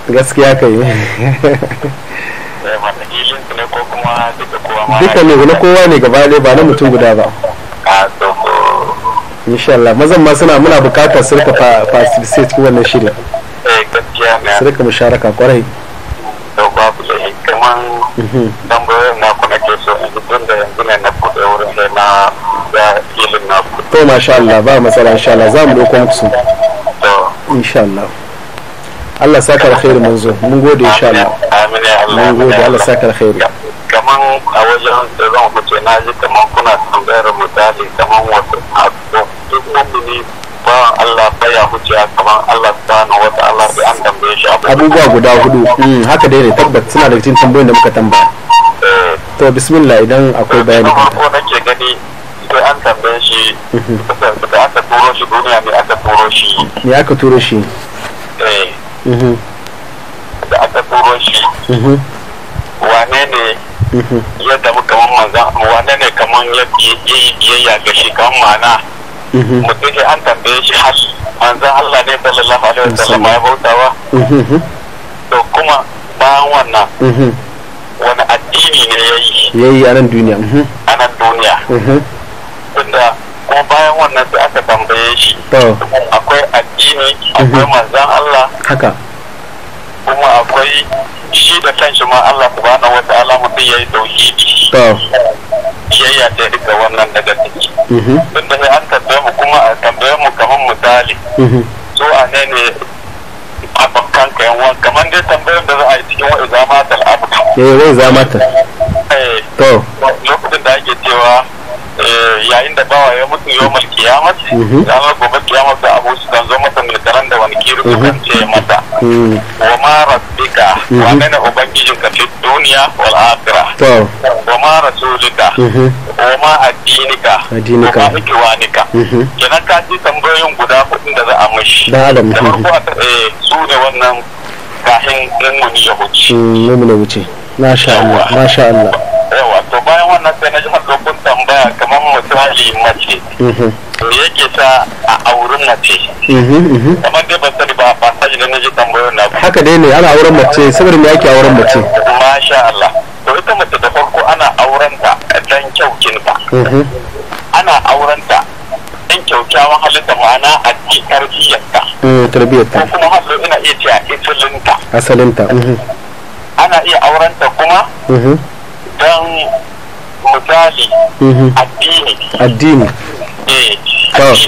gaskiya kai duka ne na kowa ne gaba ɗaya ba na mutum guda ba inshallah mazan ma suna muna bukatar sirka rika participate cikin wannan shirin su musharaka kwarai don goyon na kuma ke so in da yanzu ne na kuɗe wurin sai na da ilin na kuɗe. to masha Allah ba matsala insha Allah za mu ɗauko muku su. insha Allah. Allah saka alkhairi manzo mun gode insha Allah. amin ya Allah. mun gode Allah saka alkhairi. kaman a wajen da zan fice na ji kaman kuna tambayar misali kaman wasu abu duk mummuni ba Allah baya huce kaman Allah ta subhanahu wa ta'ala bi anda abubuwa guda hudu hmm, haka dai ne tabbat suna da cikin tambayoyin da muka tambaya eh. to bismillah idan akwai bayani ko nake gani sai an tambaye shi mhm. da aka turo shi duniya ne aka turo shi ne aka turo shi eh mhm. da aka turo shi mhm. wane ne yadda muka mun manzan wane ne kaman yayi biyayya ga shi kan ma'ana Mm-hmm. mutum an tambaye shi har manzo Allah ne sallallahu alaihi wasallam ya bautawa mm-hmm. to kuma bayan wannan mm-hmm. wani addini ne yayi yayi a nan duniya a nan duniya tunda kuma bayan wannan sai aka tambaye shi akwai addini akwai manzan Allah haka kuma akwai shi da kanshi ma Allah subhanahu wa ta'ala mutum yayi tauhidi biyayya ta duka wannan daga ciki tun mhm. da sai an tambaye mu kuma a tambaye mu kamar misali mhm. so a ne ne abokan ka yan wani kamar dai tambayar da za a yi cikin wa'i zama ta al'abu eh zai zama ta eh. to lokacin da ake cewa Eh, yayin da bawa ya mutu yau mal kiyama mhm. ranar gobe kiyama da abu don zo masa mai karan da wani kiru kan mhm. ce mata mhm. wa ma rabbika wa mana ubangijin ka fi duniya wal akhirah wa ma rasulika wa ma addinika wa ma ikiwanika kenan ka ji tambayoyin guda kudin da za a mishi da adam eh, su ne wannan kafin mummuni ya wuce mm, mummuni ya wuce masha Allah masha Allah yawa to bayan wannan sai na ji man dokun tambaya kamar misali mace mhm. me yake sa a auren mace mhm, mhm. kamar dai ban sani ba ba sai da na ji tambayoyin na haka dai ne ana auren mace saboda me yake auren mace masha Allah to ita mace da farko ana auren ta dan kyaukin ta ana auren ta dan kyaukyawan halitta ma'ana a tarbiyyarta tarbiyyarta mm, ko kuma hallo ina iya cewa asalinta asalinta ana iya auren ta kuma don misali mhm. addini addini eh abin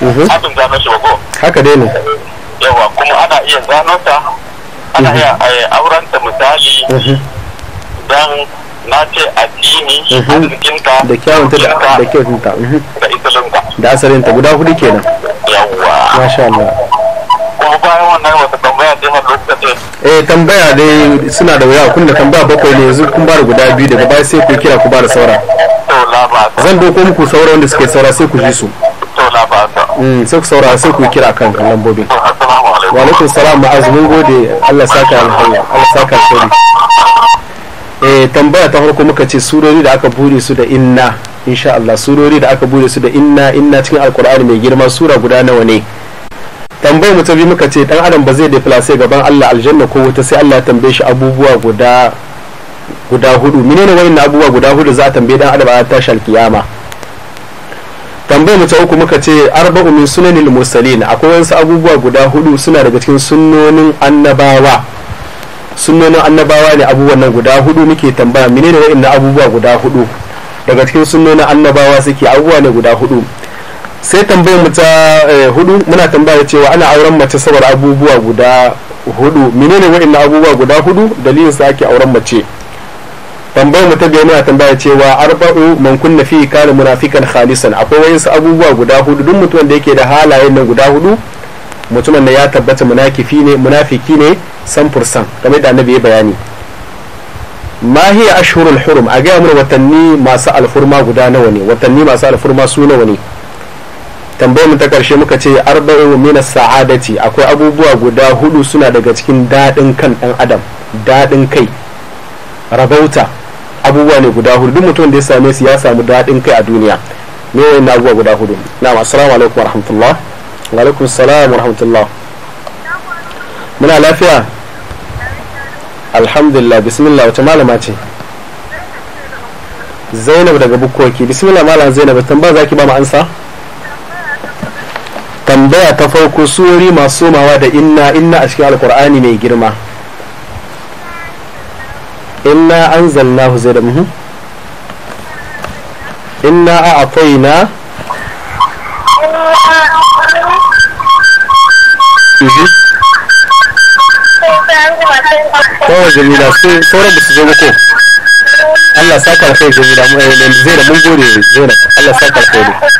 mhm. zama shi ko haka dai ne yawa kuma ana iya gano ta ana mhm. iya eh, auren ta misali don na ce addini arzikinta da ta da kyautunta da guda hudu kenan yawa masha Allah kuma bayan eh tambaya dai suna da wuya kun da tambaya bakwai ne yanzu kun bada guda biyu daga baya sai ku kira ku bada saura zan doko muku saura wanda suke saura sai ku ji su hmm, sai ku saura sai ku kira kan lambobin wa alaikum salam ma'az mun gode Allah saka alhayya Allah saka alheri eh tambaya ta farko muka ce surori da aka bude su da inna insha Allah surori da aka bude su da inna inna cikin alkur'ani mai girma sura guda nawa ne tambayi mu ta bi muka ce dan adam ba zai da deflase gaban Allah aljanna ko wuta sai Allah ya tambaye shi abubuwa guda guda hudu menene wayannan abubuwa guda hudu za a tambaye dan adam a tashi alkiyama tambayi mu ta uku muka ce arba'u min sunanil mursalin akwai wasu abubuwa guda hudu suna daga cikin sunnonin annabawa sunnonin annabawa ne abubuwan nan guda hudu muke tambaya menene wayannan abubuwa guda hudu daga cikin sunnonin annabawa suke abubuwa ne guda hudu sai tambayar mu ta eh, hudu muna tambaya cewa ana auren mace saboda abubuwa guda hudu menene waɗannan abubuwa guda hudu dalilin sa ake auren mace tambayar mu ta biyu muna tambaya cewa arba'u man kunna fi kana munafikan khalisan akwai wayansu abubuwa guda hudu duk mutumin da yake da halayen na guda hudu mutumin da ya tabbata munafiki ne munafiki ne san fursan kamar da annabi ya bayani ma hiya ashhurul hurum a ga mu watanni masu alfurma guda nawa ne watanni masu alfurma su nawa ne tambayar mu ta karshe muka ce arba'u min sa'adati akwai abubuwa guda hudu suna daga cikin daɗin kan ɗan adam daɗin kai rabauta abubuwa ne guda hudu duk mutum da ya same su ya samu daɗin kai a duniya ne na abubuwa guda hudu na'am assalamu alaikum warahmatullah wa alaikum assalam warahmatullah muna lafiya alhamdulillah bismillah wata malama ce zainab daga bukkoki bismillah malam zainab tambaya zaki ba mu ansa tambaya ta farko surori masu somawa da inna inna a cikin alkur'ani mai girma inna an zallahu zai da muhu inna a akwai na kowa jamila sai sauran da su zo ko Allah saka alkhairi jamila eh, zai da mun gode zai da Allah saka alkhairi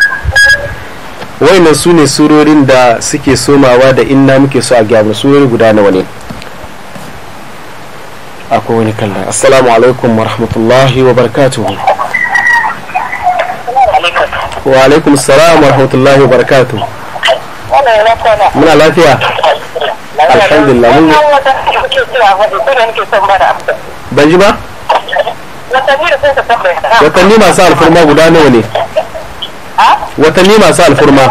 wayannan su ne surorin da suke somawa da inna muke so a gyamu surori guda nawa ne akwai wani kallon assalamu alaikum wa rahmatullahi wa barakatuhu wa alaikum salam wa rahmatullahi wa barakatuhu muna lafiya alhamdulillah mun ban ji ba watanni masu alfurma guda nawa ne watanni masu alfurma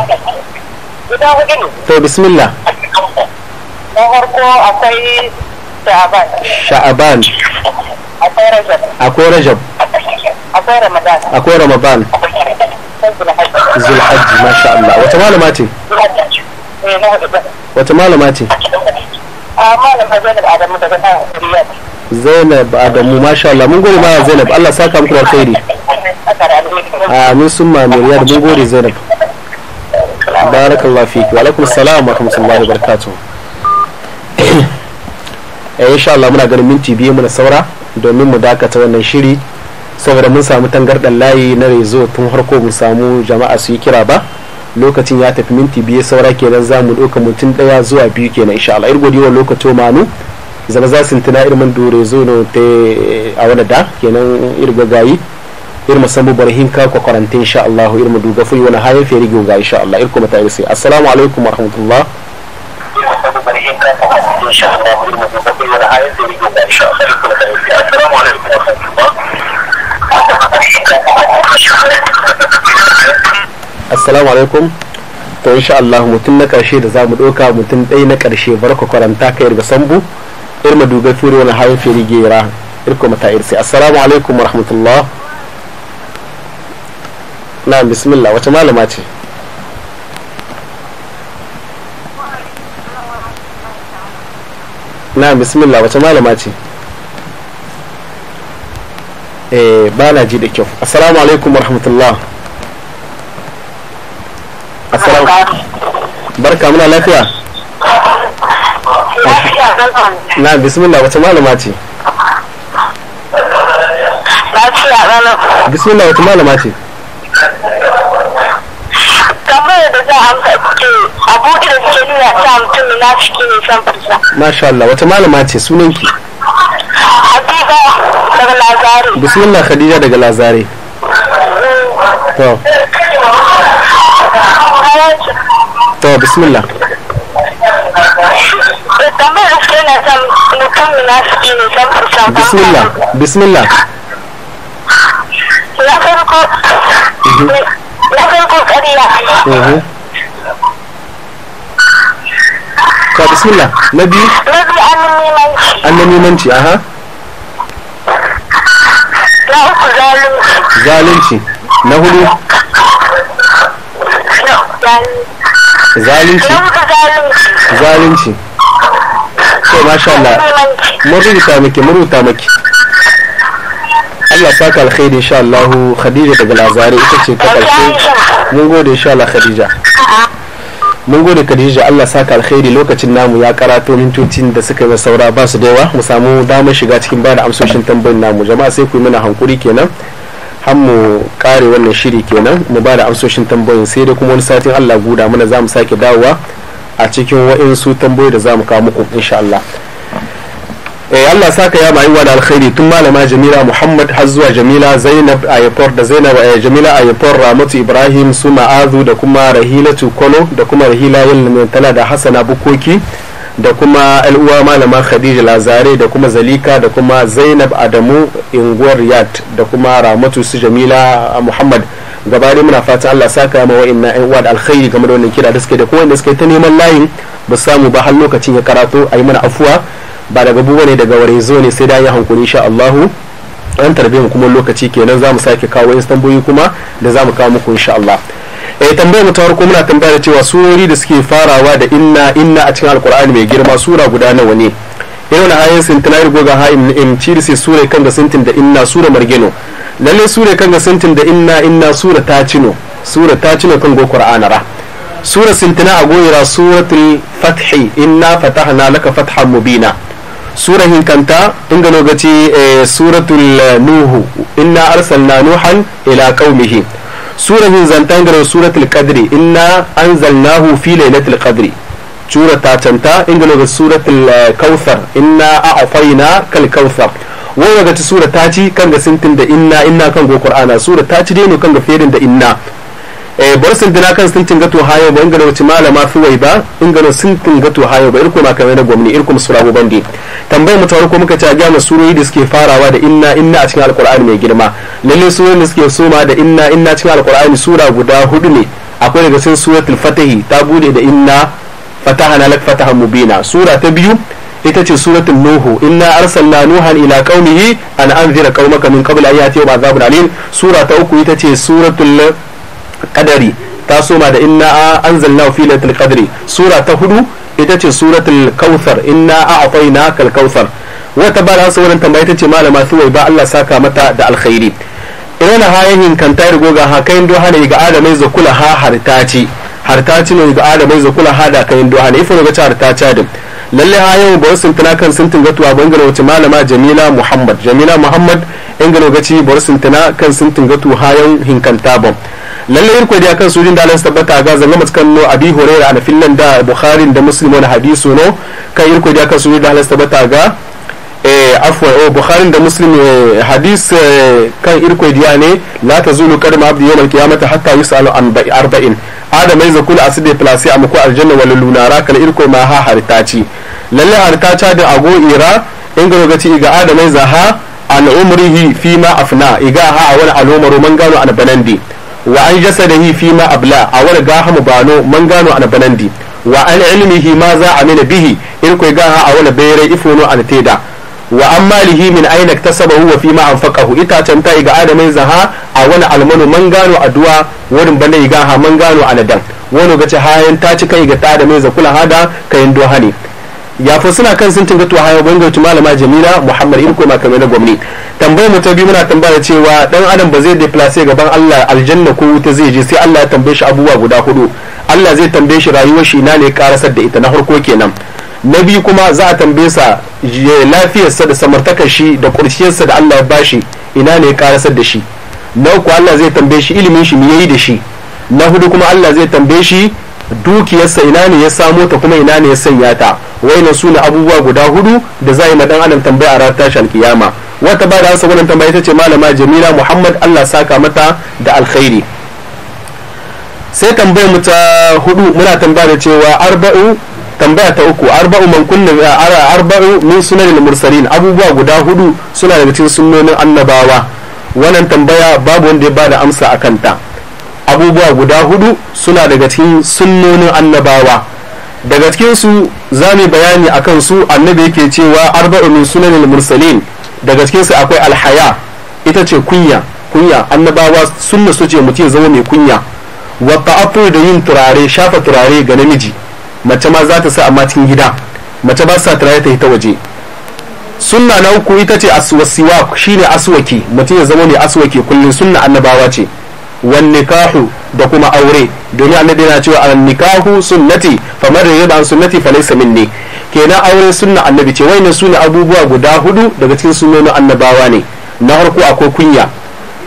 guda hudu to bismillah na farko akwai sha'aban sha'aban akwai rajab akwai rajab akwai ramadan akwai ramadan zulhajji masha Allah wata malama ce eh, wata malama ce ah, Zainab Adamu masha Allah mun gode ma Zainab Allah saka muku alkhairi amin sun mamin ya da mun gode zainab barakallah fiki wa alaikum salam wa rahmatullahi wa barakatuh eh insha Allah muna ganin minti biyu muna saura domin mu dakata wannan shiri saboda mun samu tangardan layi na rezo tun harko mun samu jama'a su yi kira ba lokacin ya tafi minti biyu saura kenan za mu ɗauka mutum ɗaya zuwa biyu kenan insha Allah ir lokacin manu zama za su tuna irin mun dore zo ne eh, a wani da kenan ir gagayi irma sambu barahimka ko qarante insha Allah irma duga fu yona haye feri gonga insha Allah irko mata irsi assalamu alaikum wa rahmatullah assalamu alaikum to insha Allah mutum na karshe da zamu doka mutum ɗaya na karshe barka karanta ka irga sambu irma duga fu yona haye feri gera irko mata irsi assalamu alaikum wa rahmatullah na bismillah wata malama ce na bismillah wata malama ce eh ba na ji da kyau assalamu alaikum rahmatullah assalamu barka muna lafiya na bismillah wata malama ce bismillah wata malama ce za a ke abubuwan da suke nuna ta mutum na ciki ne san fita. Masha Allah wata malama ce sunan ki. Hadiza daga Lazare. Bismillah Khadija daga Lazare. To. To bismillah. Tambayar suke na san mutum na ciki ne san fita. Bismillah bismillah. Na farko. Mhm. Na farko ƙarya. Mhm. ta bismillah na biyu na biyu annamimanci aha na uku zalunci zalunci na hudu zalunci zalunci to masha Allah mun rubuta miki mun rubuta miki Allah saka alkhairi insha Allah Khadija daga Lazare ita ce ta karshe mun gode insha Allah Khadija mun gode Khadija Allah saka alkhairi lokacin namu ya karato mintocin da suka yi saura ba su da yawa mu samu damar shiga cikin bada amsoshin tambayin namu jama'a sai ku yi mana hankuri kenan har mu kare wannan shiri kenan mu bada amsoshin tambayoyin sai da kuma wani satin Allah guda mana za mu sake dawowa a cikin waɗansu tambayoyi da za mu kawo muku insha Allah eh Allah saka ya bayi da alkhairi tun malama Jamila Muhammad har zuwa Jamila Zainab Ayafor da Zainab eh, Jamila Ayafor Ramatu Ibrahim su Ma'azu da kuma Rahilatu Kwano da kuma Rahila Yalmantala da Hassana Bukoki da kuma al'uwa malama Khadija Lazare da kuma Zalika da kuma Zainab Adamu Inguwar Yat da kuma Ramatu su Jamila Muhammad gaba muna fata Allah saka ma wa'annan ƴan uwa da alkhairi game da wannan kira da suke da kowanne suke ta neman layin ba samu ba har lokacin ya karato a yi mana afuwa ba daga buwa ne daga ware zo ne sai da ya hankuri insha Allahu an tarbe mu kuma lokaci kenan za mu sake kawo istanbuli kuma da za mu kawo muku insha Allah eh tambayar mu ta farko muna tambaya cewa surori da suke farawa da inna inna a cikin alqur'ani mai girma sura guda nawa ne irin eh, ayoyin irgo ga ha'im ni'im cirisi sura kan ga sintin da inna sura margino lalle sura kan ga sintin da inna inna sura ta cino sura ta cino kan go qur'ana ra sura sintina a goyira suratul fathi inna fatahna laka fathan mubina sura hinkanta inga lokaci eh, suratul eh, nuhu inna arsalna nuhan ila qaumihi sura hin zanta inga suratul qadri inna anzalnahu fi lailatul qadri sura ta canta inga lokaci suratul eh, kautsar inna a'fayna kal kautsar wani lokaci sura ta ci kan ga sintin da inna inna kan go qur'ana sura ta ci dai kan ga fedin da inna e eh, bor sun dina kan sun tinga to hayo ba ingano ci malama fi wai ba ingano sun tinga to hayo ba irko makamai na gwamni irko musulamu bandi tambayar mu ko muka ci ga mu da suke farawa da inna inna a cikin alqur'ani mai girma lalle surori da suke soma da inna inna cikin al'kur'ani sura guda hudu ne akwai daga cikin suratul fatahi ta bude da inna fatahana lak fataha mubina sura ta biyu ita ce suratul nuhu inna arsalna nuhan ila qaumihi an anzira qaumaka min qabl ayati wa azabun alim sura ta uku ita ce suratul qadari ta soma da inna anzalna fi lailatul qadri sura ta hudu ita ce suratul kautsar inna a'tayna kal kautsar wata bada da wannan tambaya ita ce malama wai ba Allah saka mata da alkhairi idan ha yayin kan ta rigo ga ha kayan doha ne ga adamai zakula ha hartaci hartaci ne ga adamai zakula ha da kai doha hane ifo ga ta hartaci din lalle ha yau ba sun tuna kan sun tunga tuwa bangare wace malama Jamila Muhammad Jamila Muhammad ingano gaci bar sun tuna kan sun tunga tu hayan hinkanta ba lalle yin da kan sojin da Allah tabbata ga zanga matkan no abi hurairah ana fillan da bukhari da muslim wani hadisu no kan yin da kan sojin da Allah tabbata ga eh afwa o oh, bukhari da muslim eh, hadis eh, kan yin da ne la tazulu qadma abdi yawm al-qiyamah hatta yusalu an arba'in adam mai zakul asidi plasi amku aljanna wal lunara yin irko ma ha haritaci lalle haritaci da ago ira in ga gaci ga adam mai zaha an umrihi fi ma afna iga ha wani al'umaru man gano an banandi wa an da fi ma abla a wani gaha mu bano man gano an banandi wa an ilmihi ma za a mina bihi in kai gaha a wani bayre ifono an teda wa an malihi min aina tasabahu wa fi ma ita can ta iga adamai zaha a wani almanu man gano duwa wani bane iga ha man gano anadan wani gace hayan ta ci kai ga ta adamai mai zakula hada ka dohani ya fa suna kan sun tinga to hayo bango malama jamila muhammad irko makamai na gwamnati tambayar mu ta biyu muna tambaya cewa dan adam ba zai deplace gaban Allah aljanna ko wuta zai je sai Allah ya tambaye shi abubuwa guda hudu Allah zai tambaye shi rayuwar shi ina ne karasar da ita na farko kenan na biyu kuma za a tambaye sa lafiyarsa da samartakar shi da kurciyarsa da Allah ya bashi ina ne karasar da shi na uku Allah zai tambaye shi ilimin shi me yayi da shi na hudu kuma Allah zai tambaye shi dukiyarsa ina ne ya samo ta kuma ina ne ya sanya ta wai su ne abubuwa guda hudu da za yi ma dan adam tambaya a ranar tashin kiyama wata ba da hausa wannan tambaya ita ce malama jamila muhammad allah saka mata da alkhairi sai tambayar mu ta hudu muna tambaya da cewa arba'u tambaya ta uku arba'u man kunna ara arba'u min sunan al mursalin abubuwa guda hudu suna daga cikin sunnonin annabawa wannan tambaya babu wanda ya bada amsa a kanta abubuwa guda hudu suna daga cikin sunnonin annabawa daga cikin su zamu bayani akan su annabi yake cewa arba'u min sunan al mursalin daga cikinsu akwai alhaya ita ce kunya kunya annabawa sunna su ce mutum ya zama mai kunya wata afur da yin turare shafa turare ga namiji mace ma za ta sa amma cikin gida mace ba sa turare ta ta waje sunna na uku ita ce aswasiwak shine aswaki mutum ya zama mai aswaki kullum sunna annabawa ce wan nikahu da kuma aure domin annabi yana cewa an nikahu sunnati faman rida an sunnati falaysa minni kenan auren sunna annabi ce wayannan suna abubuwa guda hudu daga cikin sunnonin annabawa ne na farko akwai kunya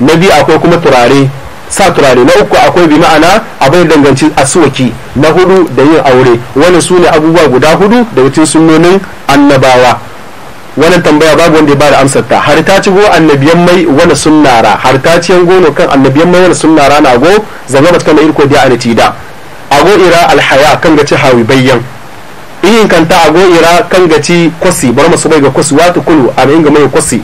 na biyu akwai kuma turare sa turare na uku akwai bi ma'ana abin danganci asuwaki na hudu da yin aure wannan ne abubuwa guda hudu daga cikin sunnonin annabawa wannan tambaya babu wanda ya bada amsar ta har ta ci go annabiyan mai wani sunnara har ta ci gono kan annabiyan mai wani sunnara na go zama ta kana irko da ana da ago ira alhaya kan ga ci hawi bayyan in kanta ago ira kan gaci kwasi bar masu bai ga kwasi wata kulu a inga mai kwasi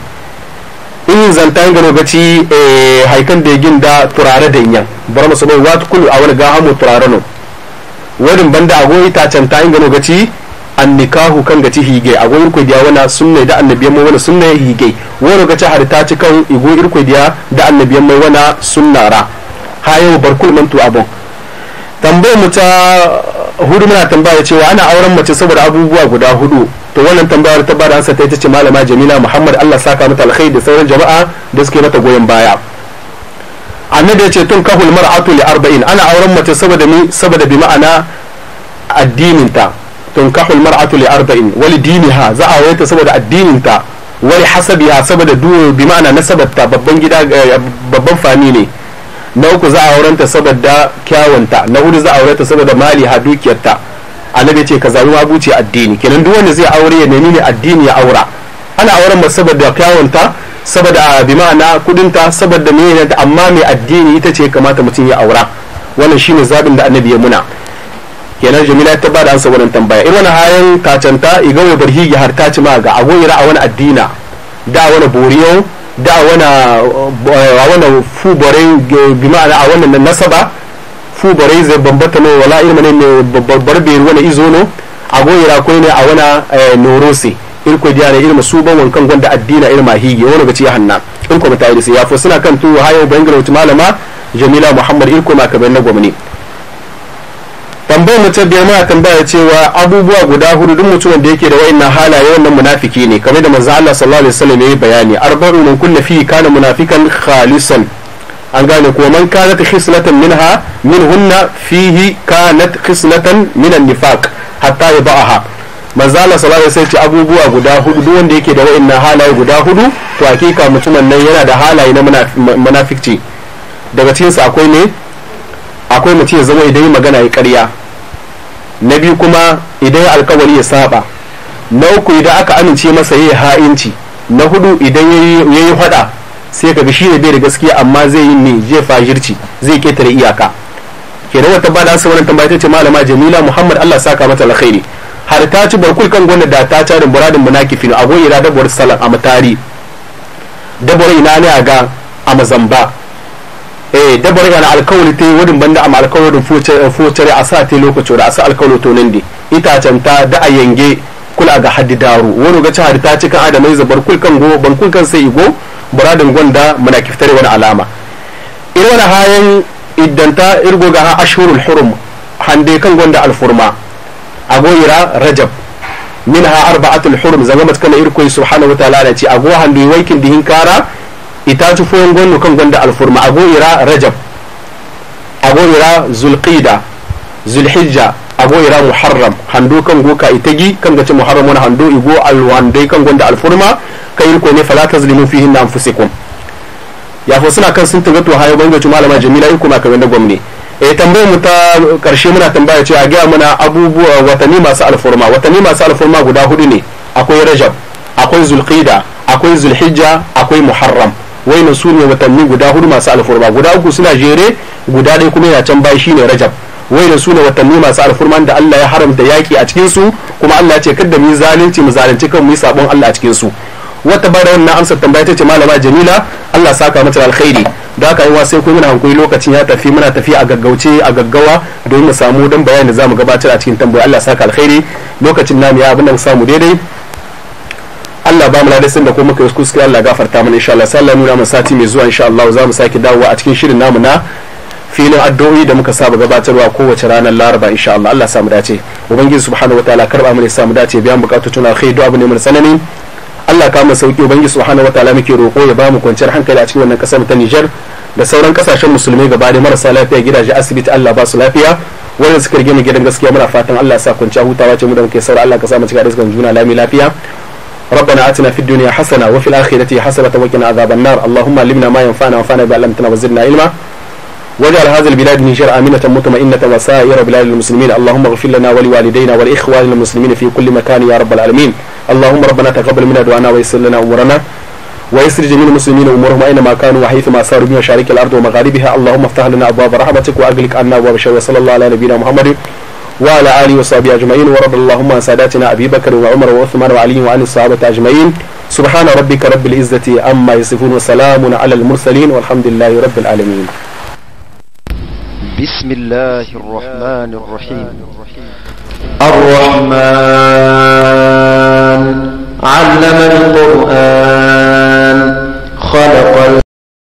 in zanta inga no gaci eh, haikan da gin da turare da yan bar masu bai wata kulu a wani ga hamu turare no wadin banda ago ita canta inga no gaci an nikahu kan gaci hige ago irko diya wani sunne da annabiyan mai wani sunne hige wani gaci har ta ci kan igo irko diya da annabiyan mai wani sunnara hayo barkul mantu abon tambayar mu ta hudu muna tambaya cewa ana auren mace saboda abubuwa guda hudu to wannan tambayar ta bada ansa ta ita ce malama Jamila Muhammad Allah saka mata alkhairi da sauran jama'a da suke mata goyon baya annabi ya ce tun kahul mar'atu li arba'in ana auren mace saboda mi saboda bi ma'ana addinin ta tun kahul mar'atu li arba'in wali diniha za a aure ta saboda addinin ta wali saboda saboda bi ma'ana nasabarta babban gida eh, babban fami ne na uku za a aurenta saboda kyawunta na hudu za a aurenta saboda mali ha dukiyarta annabi ce ka zabi maguci addini kenan duk wanda zai aure ya nemi ne addini ya aura ana auren ba saboda kyawunta saboda ah, bi ma'ana kudinta saboda menene amma mai addini ita ce kamata mutum ya aura wannan shine zabin da annabi ya muna kenan jamila ta bada ansa wannan tambaya irin wannan hayan tacanta igawo barhi har ta ci ma ga agoyira a wani addina da wani boriyo da a wana fu bore a wannan nasaba fubare zai bambata ne wala irin ne babbar bai wani izo no a goyira ko ne a wana eh, norose irko diya ne irma su ban wankan gwanda addina irma mahigi wani gaci ya hanna in ko mutane sai ya fo suna kan tuwo hayo bangare wata malama jamila muhammad irko ma kaban na gwamnati tambayar mu ta biyar muna tambaya cewa abubuwa guda hudu duk mutumin da yake da wayannan halaye wannan munafiki ne kamar da manzo Allah sallallahu alaihi wasallam yayi bayani arba'u min kulli fi kana munafikan khalisan an gane ko man kanat khislatan minha minhunna fihi kanat khislatan min an-nifaq hatta yabaha manzo Allah sallallahu alaihi wasallam ce abubuwa guda hudu duk wanda yake da wayannan halaye guda hudu to hakika mutumin nan yana da halaye na munafikci daga cikinsu akwai ne akwai mutum ya zama idan yi magana ya karya na biyu kuma idan alkawari ya saba na uku idan aka amince masa yi ha'inci na hudu idan ya yi hada sai ka shi ne bai da gaskiya amma zai yi ne zai fajirci zai ketare iyaka kenan wata bada da asa wannan tambaya ta ce malama jamila muhammad allah saka mata alkhairi har ta ci barkul kan gwanda da ta tarin buradin munakifin a goyi ra dabuwar salam a matari dabuwar ina ne a ga a mazamba eh dabar ga alkawli te wadin banda am alkawli fuce eh, fuce a sa te lokaci da asa alkawli to nan di ita ta da a yange kula ga haddi daru wani ga cihar ta cika adamai zabar kulkan go ban kulkan sai igo buradin gwanda muna kiftare wani alama wani hayan ta irgo ga ashurul hurum hande kan gwanda alfurma agoyira rajab min minha arba'atul hurum zama matkana irko subhanahu wa ta'ala ce a ago hande waikin dihin kara ci foyon gwanu kan gwanda alfurma a go'ira rajab a go'ira zulqida zulhijja a go'ira muharram hando kan go ita gi kan gaci muharram wani hando igo alwandai kan gwanda alfurma yi ko ne fala fi fihin na kun ya fo suna kan sun tunga to hayo bangaci malama jamila in kuma kamar da gwamni eh tambaye mu ta karshe muna tambaya cewa gaya muna abubuwa watanni masu alfurma watanni masu alfurma guda hudu ne akwai rajab akwai zulqida akwai zulhijja akwai muharram wayannan su ne watanni guda hudu masu alfurma guda uku suna jere guda ɗaya kuma yana can bai shine rajab wayannan su ne watanni masu alfurma da Allah ya haramta yaki a cikin su kuma Allah ya ce kada mu yi zalunci mu zalunci kan mu yi sabon Allah a cikin su wata bara wannan amsar tambaya ta ce malama Jamila Allah saka mata alkhairi da yi wa sai ko muna hankali lokacin ya tafi muna tafi a gaggauce a gaggawa don mu samu dan bayani da zamu gabatar a cikin tambaya Allah saka alkhairi lokacin namu ya abin da mu samu daidai Allah ba mu ladasin da ko muka yi kuskure Allah gafarta mana insha Allah sallah nuna mu sati mai zuwa insha Allah za mu sake dawowa a cikin shirin namu na filin addu'o'i da muka saba gabatarwa kowace ranar Laraba insha Allah Allah samu dace ubangiji subhanahu wataala karba mu ne samu dace biyan bukatu tuna kai du'a abu mun sanani Allah ka mu sauki ubangiji subhanahu wataala muke roko ya ba mu kwanciyar hankali a cikin wannan kasar ta Niger da sauran kasashen musulmi gaba da marasa lafiya gidaje asibiti Allah ba su lafiya wannan suka rige mu gidan gaskiya muna fatan Allah ya sa kwanciya hutawa ce mu da muke saurara Allah ka sa mu cika da juna lami lafiya ربنا آتنا في الدنيا حسنة وفي الآخرة حسنة وقنا عذاب النار اللهم علمنا ما ينفعنا وانفعنا بما علمتنا وزدنا علما واجعل هذه البلاد نيجر آمنة مطمئنة وسائر بلاد المسلمين اللهم اغفر لنا ولوالدينا والإخوان المسلمين في كل مكان يا رب العالمين اللهم ربنا تقبل منا دعانا ويسر لنا أمورنا ويسر جميع المسلمين أمورهم أينما كانوا وحيثما ساروا بهم شارك الأرض ومغاربها اللهم افتح لنا أبواب رحمتك وأغلق عنا أبواب الشر وصلى الله على نبينا محمد وعلى آله وصحبه أجمعين ورب اللهم ساداتنا أبي بكر وعمر وعثمان وعلي وعن الصحابة أجمعين سبحان ربك رب العزة عما يصفون وسلام على المرسلين والحمد لله رب العالمين بسم الله الرحمن الرحيم الرحمن علم القرآن خلق